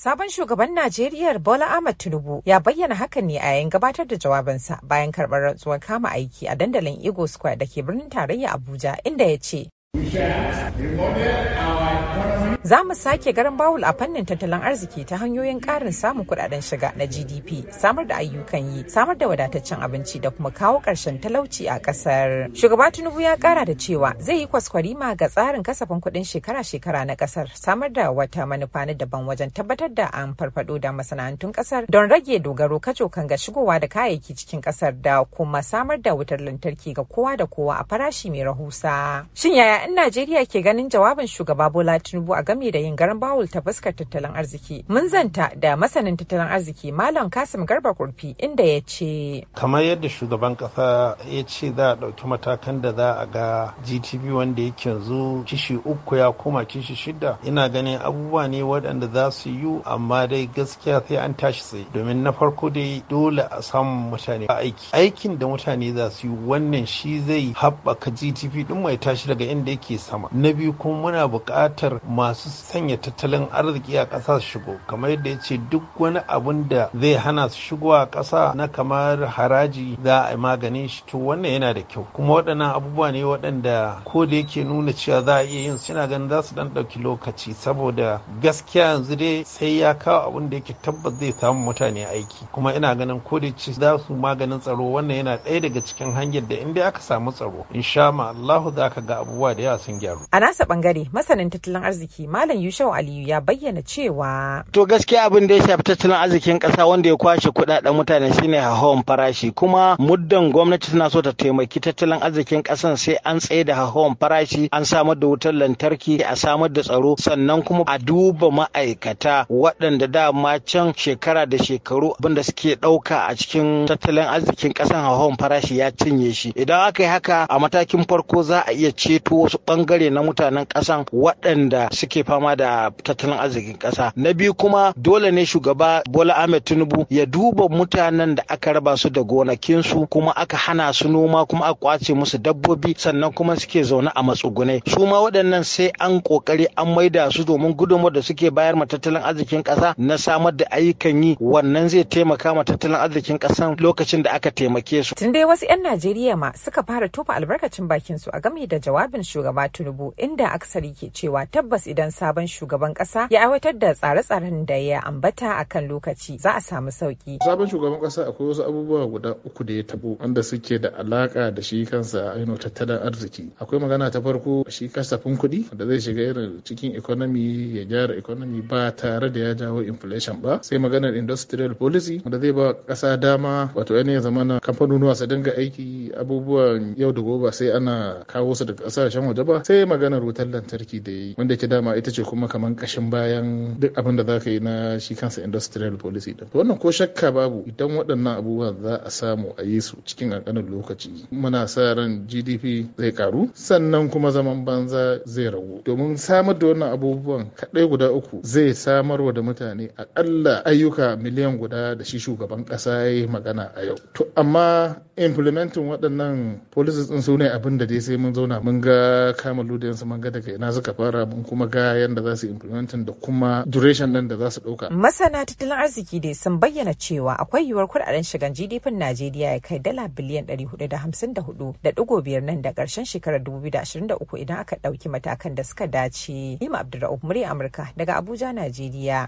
Sabon shugaban Najeriya Bola Ahmed Tinubu ya bayyana hakan ne a yayin gabatar da jawabansa bayan karɓar rantsuwar kama aiki a dandalin Eagle Square da ke birnin tarayya Abuja inda ya ce Za mu sake garin bawul a fannin tattalin arziki ta hanyoyin ƙarin samun kudaden shiga na GDP, samar da ayyukan yi, samar da wadataccen abinci da kuma kawo ƙarshen talauci a ƙasar. Shugaba Tinubu ya kara da cewa zai yi kwaskwarima ga tsarin kasafin kuɗin shekara-shekara na ƙasar, samar da wata manufa na daban wajen tabbatar da an farfado da masana'antun ƙasar don rage dogaro kan ga shigowa da kayayyaki cikin ƙasar da kuma samar da wutar lantarki ga kowa da kowa a farashi mai rahusa. Shin yaya 'yan Najeriya ke ganin jawabin shugaba Bola Tinubu a game da yin garan bawul ta fuskar tattalin arziki. Mun zanta da masanin tattalin arziki Malam Kasim Garba Kurfi inda ya ce. Kamar yadda shugaban kasa ya ce za a ɗauki matakan da za a ga gtp wanda ya yanzu kishi uku ya koma kishi shida ina ganin abubuwa ne waɗanda za su yi amma dai gaskiya sai an tashi sai domin na farko dai dole a samu mutane aiki. Aikin da mutane za su yi wannan shi zai haɓaka GTP ɗin mai tashi daga inda da yake sama na biyu kuma muna buƙatar masu sanya tattalin arziki a ƙasa su shigo kamar yadda ya ce duk wani abun da zai hana su shigo a ƙasa na kamar haraji za a maganin shi to wannan yana da kyau kuma waɗannan abubuwa ne waɗanda ko da yake nuna cewa za a iya yin su yana ganin za su dan ɗauki lokaci saboda gaskiya yanzu dai sai ya kawo abun da yake tabbas zai samu mutane aiki kuma ina ganin ko da ce za su maganin tsaro wannan yana ɗaya daga cikin hanyar da in aka samu tsaro sha ma allahu za ka ga abubuwa da sun gyaru. A nasa bangare masanin tattalin arziki Malam Yushau Aliyu ya bayyana cewa. To gaskiya abin da ya shafi tattalin arzikin ƙasa wanda ya kwashe kuɗaɗen mutane shine hahawan farashi kuma muddan gwamnati tana so ta taimaki tattalin arzikin ƙasan sai an tsaye da hahawan farashi an samar da wutar lantarki a samar da tsaro sannan kuma a duba ma'aikata waɗanda dama can shekara da shekaru abin da suke ɗauka a cikin tattalin arzikin ƙasan hahawan farashi ya cinye shi. Idan aka yi haka a matakin farko za a iya ceto wasu bangare na mutanen kasan waɗanda suke fama da tattalin arzikin kasa na biyu kuma dole ne shugaba bola ahmed tinubu ya duba mutanen da aka raba su da gonakinsu kuma aka hana su noma kuma a kwace musu dabbobi sannan kuma suke zaune a matsugunai su ma waɗannan sai an kokari an maida su domin gudunmawar da suke bayar ma tattalin arzikin kasa na samar da ayyukan yi wannan zai taimaka ma tattalin arzikin kasan lokacin da aka taimake su tun dai wasu 'yan najeriya ma suka fara tofa albarkacin bakin su a game da jawabin shugaban shugaba Tinubu inda aksari ke cewa tabbas idan sabon shugaban kasa ya aiwatar da tsare-tsaren da ya ambata a kan lokaci za a samu sauki. Sabon shugaban kasa akwai wasu abubuwa guda uku da ya tabo wanda suke da alaka da shi kansa ainihin tattalin arziki. Akwai magana ta farko shi kasafin kuɗi da zai shiga irin cikin economy ya gyara economy ba tare da ya jawo inflation ba. Sai maganar industrial policy wanda zai ba kasa dama wato ya zamana kamfanonuwa su dinga aiki abubuwan yau da gobe sai ana kawo su daga kasashen waje ba sai maganar wutar lantarki da ya yi wanda ke dama ita ce kuma kamar kashin bayan duk abin da zaka yi na shi kansa industrial policy din wannan ko shakka babu idan waɗannan abubuwa za a samu a yi su cikin ƙanƙanin lokaci muna sa ran GDP zai karu sannan kuma zaman banza zai ragu domin samar da wannan abubuwan kaɗai guda uku zai samarwa da mutane aƙalla ayyuka miliyan guda da shi shugaban ƙasa ya yi magana a yau to amma implementing waɗannan policies ɗin su ne abin da dai sai mun zauna mun ga ga kama ludiyansu man ga daga ina suka fara mun kuma ga yadda za su implementin da kuma duration din da za su ɗauka. Masana tattalin arziki dai sun bayyana cewa akwai yiwuwar kuɗaɗen shigan GDP Najeriya ya kai dala biliyan da biyar nan da karshen shekarar 2023 idan aka ɗauki matakan da suka dace. Ima Abdulrahman Murya Amurka daga Abuja, Najeriya.